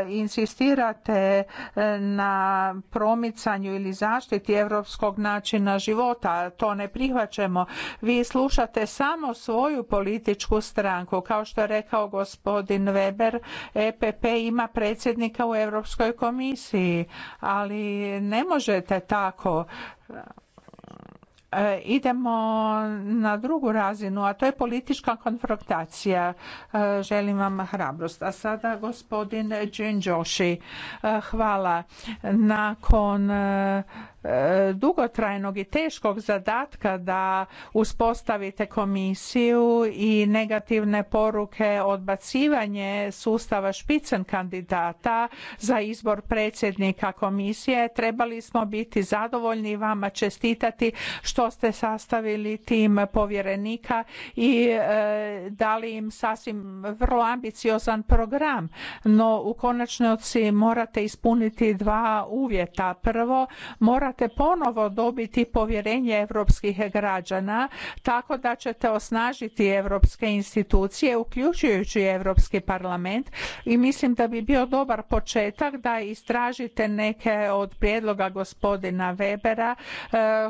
[SPEAKER 2] insistirate eh, na promicanju ili zaštiti europskog načina života. To ne prihvaćamo. Vi slušate samo samo svoju političku stranku. Kao što je rekao gospodin Weber, EPP ima predsjednika u Europskoj komisiji, ali ne možete tako e, idemo na drugu razinu, a to je politička konfrontacija. E, želim vam hrabrost. A sada gospodin Joshi. E, hvala. Nakon E, dugotrajnog i teškog zadatka da uspostavite komisiju i negativne poruke odbacivanje sustava špicen kandidata za izbor predsjednika komisije trebali smo biti zadovoljni i vama čestitati što ste sastavili tim povjerenika i e, dali im sasvim vrlo ambiciozan program no u konačnici morate ispuniti dva uvjeta prvo morate te ponovo dobiti povjerenje europskih građana tako da ćete osnažiti europske institucije uključujući europski parlament i mislim da bi bio dobar početak da istražite neke od prijedloga gospodina Webera e,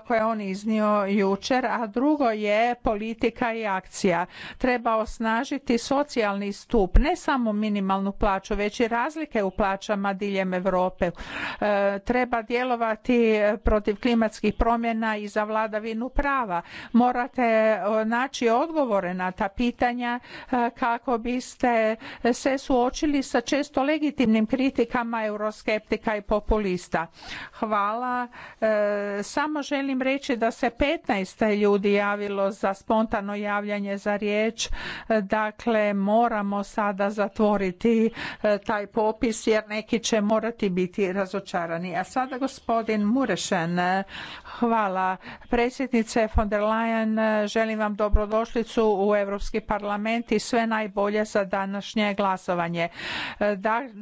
[SPEAKER 2] koje je on iznio jučer a drugo je politika i akcija treba osnažiti socijalni stup ne samo minimalnu plaću već i razlike u plaćama diljem Europe e, treba djelovati protiv klimatskih promjena i za vladavinu prava. Morate naći odgovore na ta pitanja e, kako biste se suočili sa često legitimnim kritikama euroskeptika i populista. Hvala. E, samo želim reći da se 15 ljudi javilo za spontano javljanje za riječ. E, dakle, moramo sada zatvoriti taj popis jer neki će morati biti razočarani. A sada gospodin Mureš Hvala. Predsjednice von der Leyen, želim vam dobrodošlicu u Europski parlament i sve najbolje za današnje glasovanje.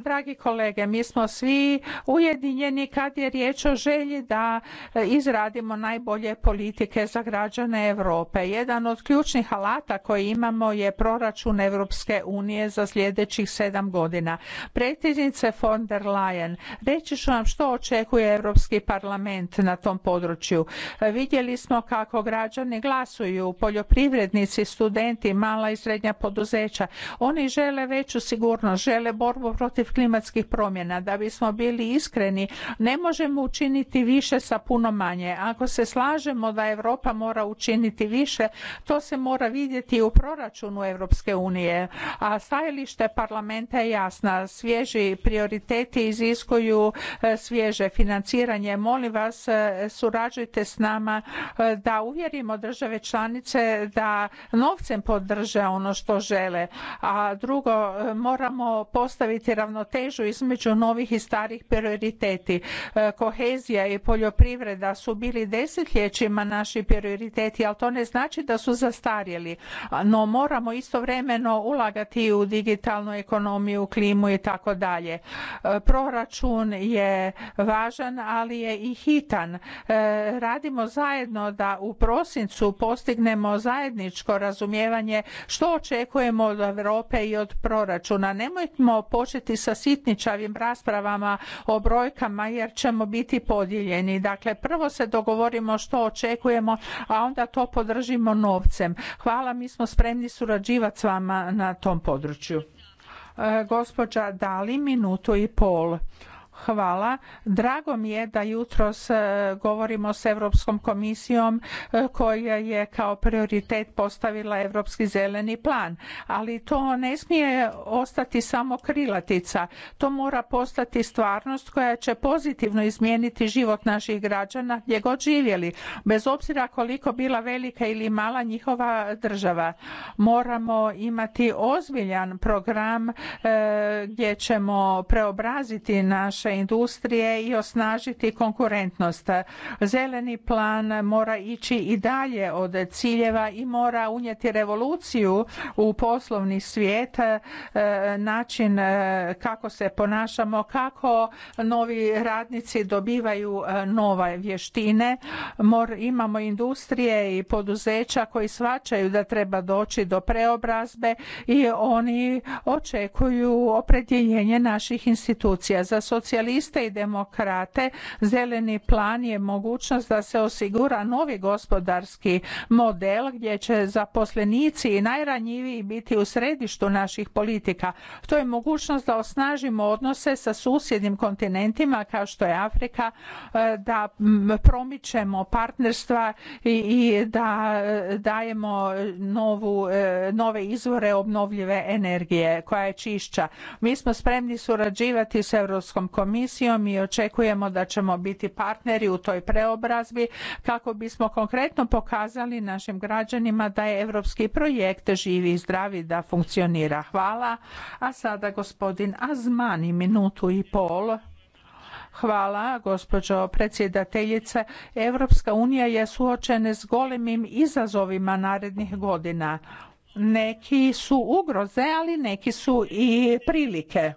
[SPEAKER 2] dragi kolege, mi smo svi ujedinjeni kad je riječ o želji da izradimo najbolje politike za građane Europe. Jedan od ključnih alata koji imamo je proračun Europske unije za sljedećih sedam godina. Predsjednice von der Leyen, reći ću vam što očekuje Europski parlament parlament na tom području. Vidjeli smo kako građani glasuju, poljoprivrednici, studenti, mala i srednja poduzeća. Oni žele veću sigurnost, žele borbu protiv klimatskih promjena. Da bismo bili iskreni, ne možemo učiniti više sa puno manje. Ako se slažemo da Europa mora učiniti više, to se mora vidjeti u proračunu Europske unije. A stajalište parlamenta je jasna. Svježi prioriteti iziskuju e, svježe financiranje. Molim vas vas, surađujte s nama e, da uvjerimo države članice da novcem podrže ono što žele. A drugo, e, moramo postaviti ravnotežu između novih i starih prioriteti. E, kohezija i poljoprivreda su bili desetljećima naši prioriteti, ali to ne znači da su zastarjeli. No moramo istovremeno ulagati i u digitalnu ekonomiju, klimu i tako dalje. Proračun je važan, ali je i hitan. E, radimo zajedno da u prosincu postignemo zajedničko razumijevanje što očekujemo od Europe i od proračuna. Nemojmo početi sa sitničavim raspravama o brojkama jer ćemo biti podijeljeni. Dakle, prvo se dogovorimo što očekujemo, a onda to podržimo novcem. Hvala, mi smo spremni surađivati s vama na tom području. E, gospođa Dali, minutu i pol. Hvala. Drago mi je da jutros e, govorimo s Europskom komisijom e, koja je kao prioritet postavila Europski zeleni plan. Ali to ne smije ostati samo krilatica. To mora postati stvarnost koja će pozitivno izmijeniti život naših građana gdje god živjeli, bez obzira koliko bila velika ili mala njihova država. Moramo imati ozbiljan program e, gdje ćemo preobraziti naše industrije i osnažiti konkurentnost. Zeleni plan mora ići i dalje od ciljeva i mora unijeti revoluciju u poslovni svijet, e, način e, kako se ponašamo, kako novi radnici dobivaju e, nove vještine. Imamo industrije i poduzeća koji svačaju da treba doći do preobrazbe i oni očekuju opredjeljenje naših institucija za socijalizaciju socijaliste i demokrate zeleni plan je mogućnost da se osigura novi gospodarski model gdje će zaposlenici i najranjiviji biti u središtu naših politika. To je mogućnost da osnažimo odnose sa susjednim kontinentima kao što je Afrika, e, da promičemo partnerstva i da e, dajemo e, nove izvore obnovljive energije koja je čišća. Mi smo spremni surađivati s Europskom komisijom i očekujemo da ćemo biti partneri u toj preobrazbi kako bismo konkretno pokazali našim građanima da je europski projekt živi i zdravi da funkcionira. Hvala. A sada gospodin Azmani minutu i pol. Hvala, gospođo predsjedateljice. Europska unija je suočena s golemim izazovima narednih godina. Neki su ugroze, ali neki su i prilike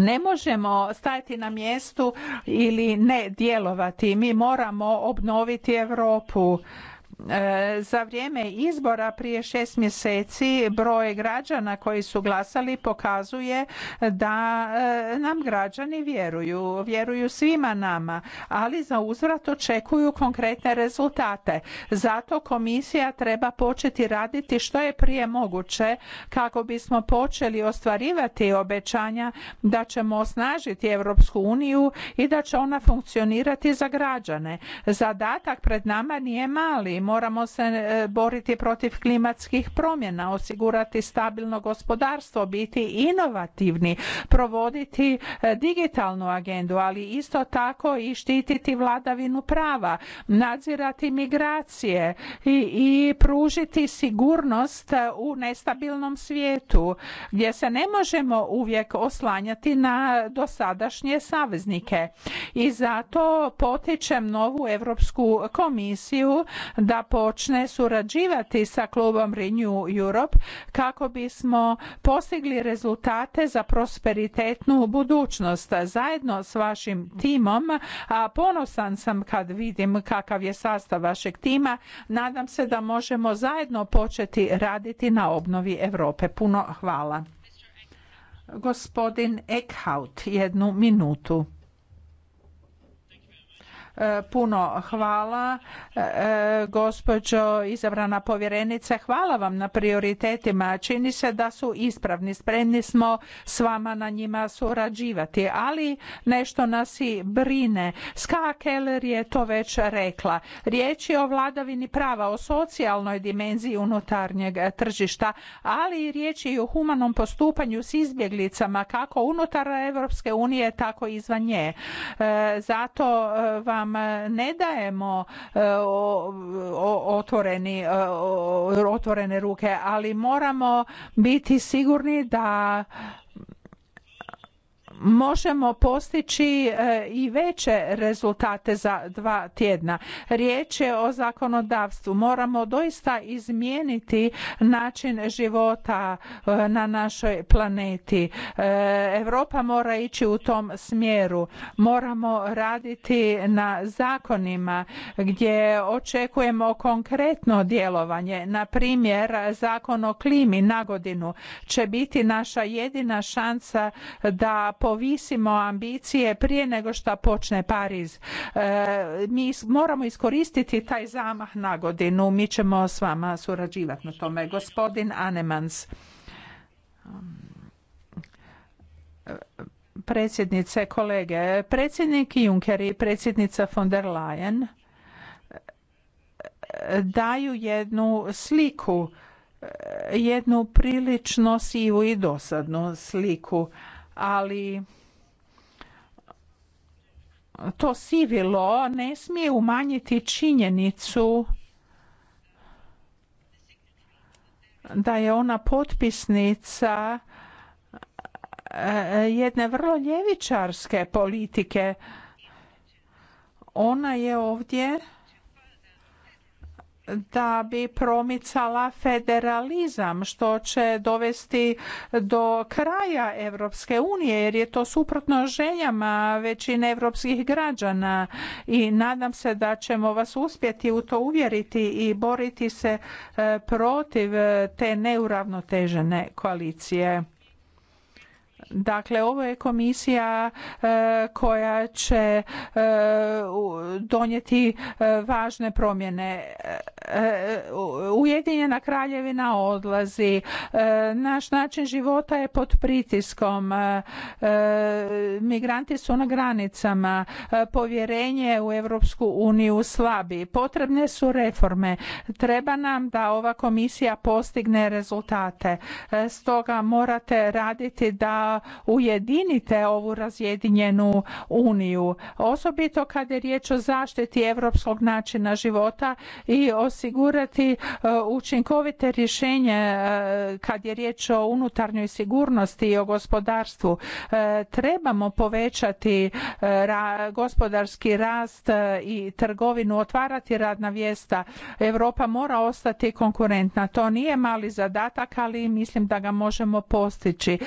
[SPEAKER 2] ne možemo stajati na mjestu ili ne djelovati mi moramo obnoviti Europu E, za vrijeme izbora prije šest mjeseci broj građana koji su glasali pokazuje da e, nam građani vjeruju. Vjeruju svima nama, ali za uzvrat očekuju konkretne rezultate. Zato komisija treba početi raditi što je prije moguće kako bismo počeli ostvarivati obećanja da ćemo osnažiti Europsku uniju i da će ona funkcionirati za građane. Zadatak pred nama nije mali moramo se e, boriti protiv klimatskih promjena, osigurati stabilno gospodarstvo, biti inovativni, provoditi e, digitalnu agendu, ali isto tako i štititi vladavinu prava, nadzirati migracije i, pružiti sigurnost e, u nestabilnom svijetu gdje se ne možemo uvijek oslanjati na dosadašnje saveznike. I zato potičem novu Europsku komisiju da počne surađivati sa klubom Renew Europe kako bismo postigli rezultate za prosperitetnu budućnost zajedno s vašim timom a ponosan sam kad vidim kakav je sastav vašeg tima nadam se da možemo zajedno početi raditi na obnovi Europe puno hvala gospodin Eckhout jednu minutu E, puno hvala e, gospođo izabrana povjerenice. Hvala vam na prioritetima. Čini se da su ispravni. Spremni smo s vama na njima surađivati, ali nešto nas i brine. Ska Keller je to već rekla. Riječ je o vladavini prava, o socijalnoj dimenziji unutarnjeg tržišta, ali riječ je i o humanom postupanju s izbjeglicama kako unutar Europske unije, tako i izvan nje. E, zato vam E, ne dajemo e, otvoreni, e, otvorene ruke, ali moramo biti sigurni da možemo postići e, i veće rezultate za dva tjedna. Riječ je o zakonodavstvu. Moramo doista izmijeniti način života e, na našoj planeti. E, Europa mora ići u tom smjeru. Moramo raditi na zakonima gdje očekujemo konkretno djelovanje. Na primjer, zakon o klimi na godinu će biti naša jedina šansa da po povisimo ambicije prije nego što počne Pariz. E, mi moramo iskoristiti taj zamah na godinu. Mi ćemo s vama surađivati na tome. Gospodin Anemans predsjednice, kolege. Predsjednik Juncker i predsjednica von der Leyen e, daju jednu sliku, e, jednu prilično sivu i dosadnu sliku ali to sivilo ne smije umanjiti činjenicu da je ona potpisnica eh, jedne vrlo ljevičarske politike. Ona je ovdje da bi promicala federalizam što će dovesti do kraja Europske unije jer je to suprotno željama većine europskih građana i nadam se da ćemo vas uspjeti u to uvjeriti i boriti se eh, protiv eh, te neuravnotežene koalicije. Dakle, ovo je komisija e, koja će e, donijeti e, važne promjene. Ujedinjena kraljevina odlazi. Naš način života je pod pritiskom. Migranti su na granicama. Povjerenje u Europsku uniju slabi. Potrebne su reforme. Treba nam da ova komisija postigne rezultate. Stoga morate raditi da ujedinite ovu razjedinjenu uniju osobito kad je riječ o zaštiti europskog načina života i osigurati e, učinkovite rješenje e, kad je riječ o unutarnjoj sigurnosti i o gospodarstvu e, trebamo povećati gospodarski rast i trgovinu otvarati radna mjesta europa mora ostati konkurentna to nije mali zadatak ali mislim da ga možemo postići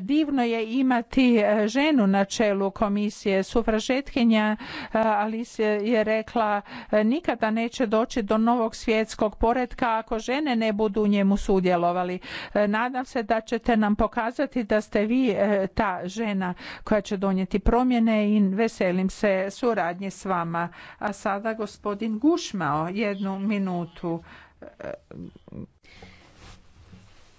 [SPEAKER 2] divno sigurno je imati e, ženu na čelu komisije. Sufražetkinja e, Alice je rekla e, nikada neće doći do novog svjetskog poretka ako žene ne budu u njemu sudjelovali. Nadam se da ćete nam pokazati da ste vi ta žena koja će donijeti promjene i veselim se suradnje s vama. A sada gospodin Gušmao jednu minutu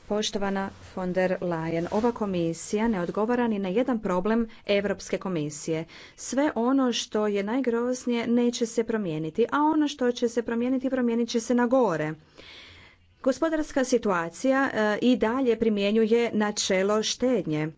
[SPEAKER 2] Poštovana von der Leyen, ova
[SPEAKER 3] komisija ne odgovara ni na jedan problem Europske komisije. Sve ono što je najgroznije neće se promijeniti, a ono što će se promijeniti, promijenit će se na gore. Gospodarska situacija e, i dalje primjenjuje načelo štednje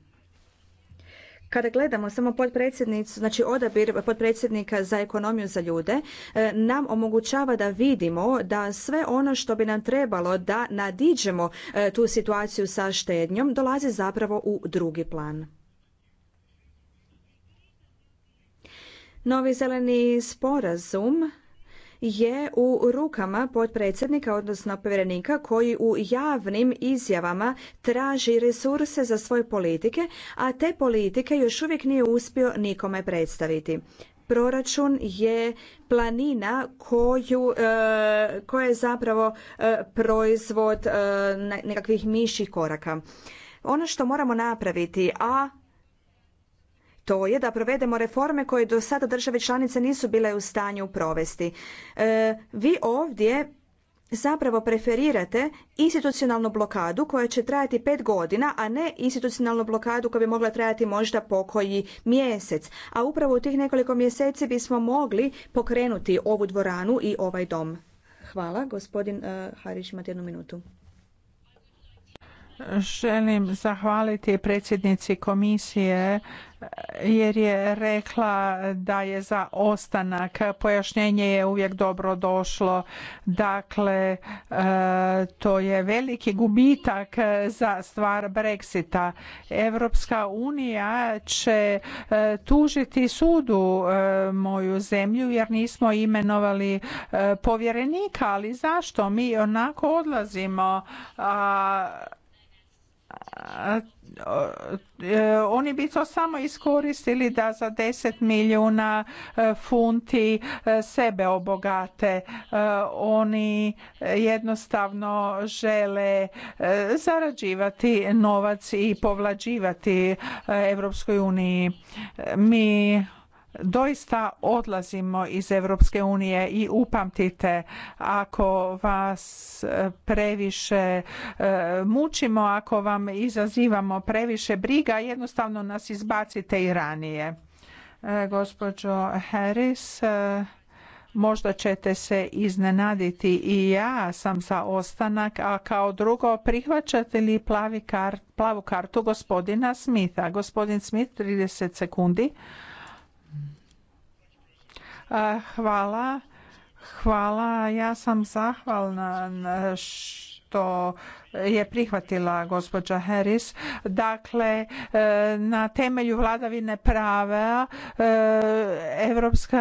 [SPEAKER 3] kada gledamo samo potpredsjednicu, znači odabir potpredsjednika za ekonomiju za ljude, e, nam omogućava da vidimo da sve ono što bi nam trebalo da nadiđemo e, tu situaciju sa štednjom dolazi zapravo u drugi plan. Novi zeleni sporazum je u rukama potpredsjednika, odnosno povjerenika koji u javnim izjavama traži resurse za svoje politike, a te politike još uvijek nije uspio nikome predstaviti proračun je planina koju, e, koja je zapravo e, proizvod e, nekakvih miših koraka. Ono što moramo napraviti, a to je da provedemo reforme koje do sada države članice nisu bile u stanju provesti. E, vi ovdje zapravo preferirate institucionalnu blokadu koja će trajati pet godina, a ne institucionalnu blokadu koja bi mogla trajati možda koji mjesec. A upravo u tih nekoliko mjeseci bismo mogli pokrenuti ovu dvoranu i ovaj dom. Hvala. Gospodin e, Harić, imate jednu minutu.
[SPEAKER 2] Želim zahvaliti predsjednici komisije jer je rekla da je za ostanak. Pojašnjenje je uvijek dobro došlo. Dakle, e, to je veliki gubitak za stvar Brexita. Europska unija će e, tužiti sudu e, moju zemlju jer nismo imenovali povjerenika, ali zašto? Mi onako odlazimo. A E, oni bi to samo iskoristili da za 10 milijuna e, funti e, sebe obogate. Oni jednostavno žele zarađivati novac i povlađivati Europskoj uniji. Mi doista odlazimo iz Europske unije i upamtite ako vas e, previše e, mučimo, ako vam izazivamo previše briga, jednostavno nas izbacite i ranije. E, gospođo Harris, možda ćete se iznenaditi i ja sam za ostanak, a kao drugo prihvaćate li plavu kartu gospodina Smitha? Gospodin Smith, 30 sekundi. Hvala. Hvala. Ja sam zahvalna na što je prihvatila gospođa Harris. Dakle, e, na temelju vladavine prava Europska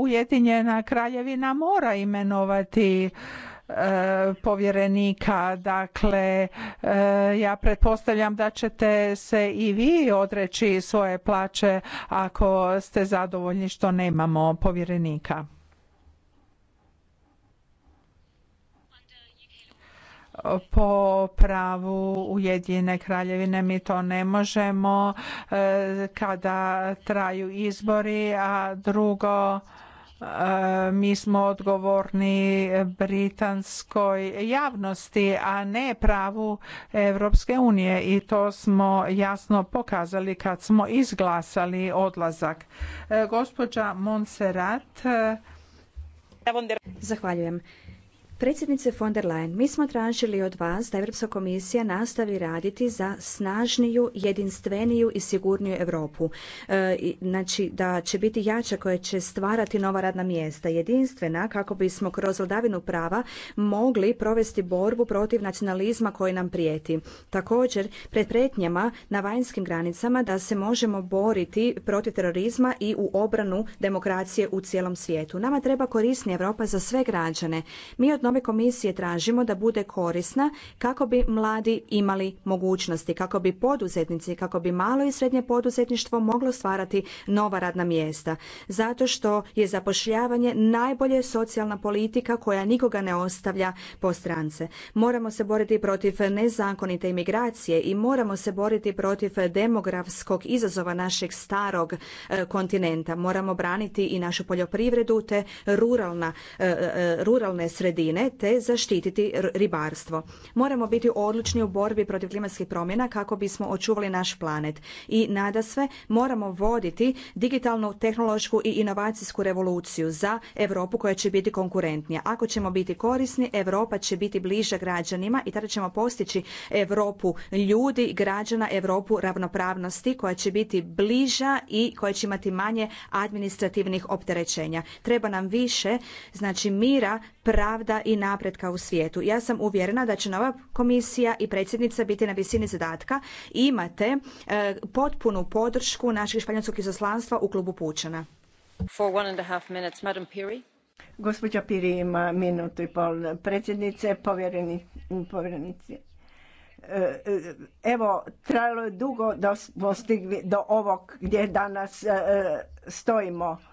[SPEAKER 2] ujedinjena kraljevina mora imenovati E, povjerenika. Dakle, e, ja pretpostavljam da ćete se i vi odreći svoje plaće ako ste zadovoljni što nemamo povjerenika. po pravu ujedine kraljevine mi to ne možemo e, kada traju izbori, a drugo E, mi smo odgovorni britanskoj javnosti, a ne pravu Europske unije i to smo jasno pokazali kad smo izglasali odlazak. E, gospođa Montserrat. Zahvaljujem. Predsjednice von der
[SPEAKER 3] Leyen, mi smo tražili od vas da Europska komisija nastavi raditi za snažniju, jedinstveniju i sigurniju Europu. E, znači da će biti jača koja će stvarati nova radna mjesta, jedinstvena kako bismo kroz vladavinu prava mogli provesti borbu protiv nacionalizma koji nam prijeti. Također, pred pretnjama na vanjskim granicama da se možemo boriti protiv terorizma i u obranu demokracije u cijelom svijetu. Nama treba korisnija Europa za sve građane. Mi od ove komisije tražimo da bude korisna kako bi mladi imali mogućnosti, kako bi poduzetnici, kako bi malo i srednje poduzetništvo moglo stvarati nova radna mjesta. Zato što je zapošljavanje najbolje socijalna politika koja nikoga ne ostavlja po strance. Moramo se boriti protiv nezakonite imigracije i moramo se boriti protiv demografskog izazova našeg starog e, kontinenta. Moramo braniti i našu poljoprivredu te ruralna, e, e, ruralne sredine te zaštititi ribarstvo. Moramo biti odlučni u borbi protiv klimatskih promjena kako bismo očuvali naš planet i nada sve moramo voditi digitalnu, tehnološku i inovacijsku revoluciju za Europu koja će biti konkurentnija. Ako ćemo biti korisni, Europa će biti bliža građanima i tada ćemo postići Europu ljudi, građana, Europu ravnopravnosti koja će biti bliža i koja će imati manje administrativnih opterećenja. Treba nam više znači mira, pravda i napretka u svijetu. Ja sam uvjerena da će nova komisija i predsjednica biti na visini zadatka i imate e, potpunu podršku našeg španjolskog izaslanstva u klubu Pučana.
[SPEAKER 1] For one and a half minutes, Madam Piri. Gospođa Piri ima minutu i pol. Predsjednice, povjereni, povjerenici. E, e, evo, trajalo je dugo da smo do ovog gdje danas stojimo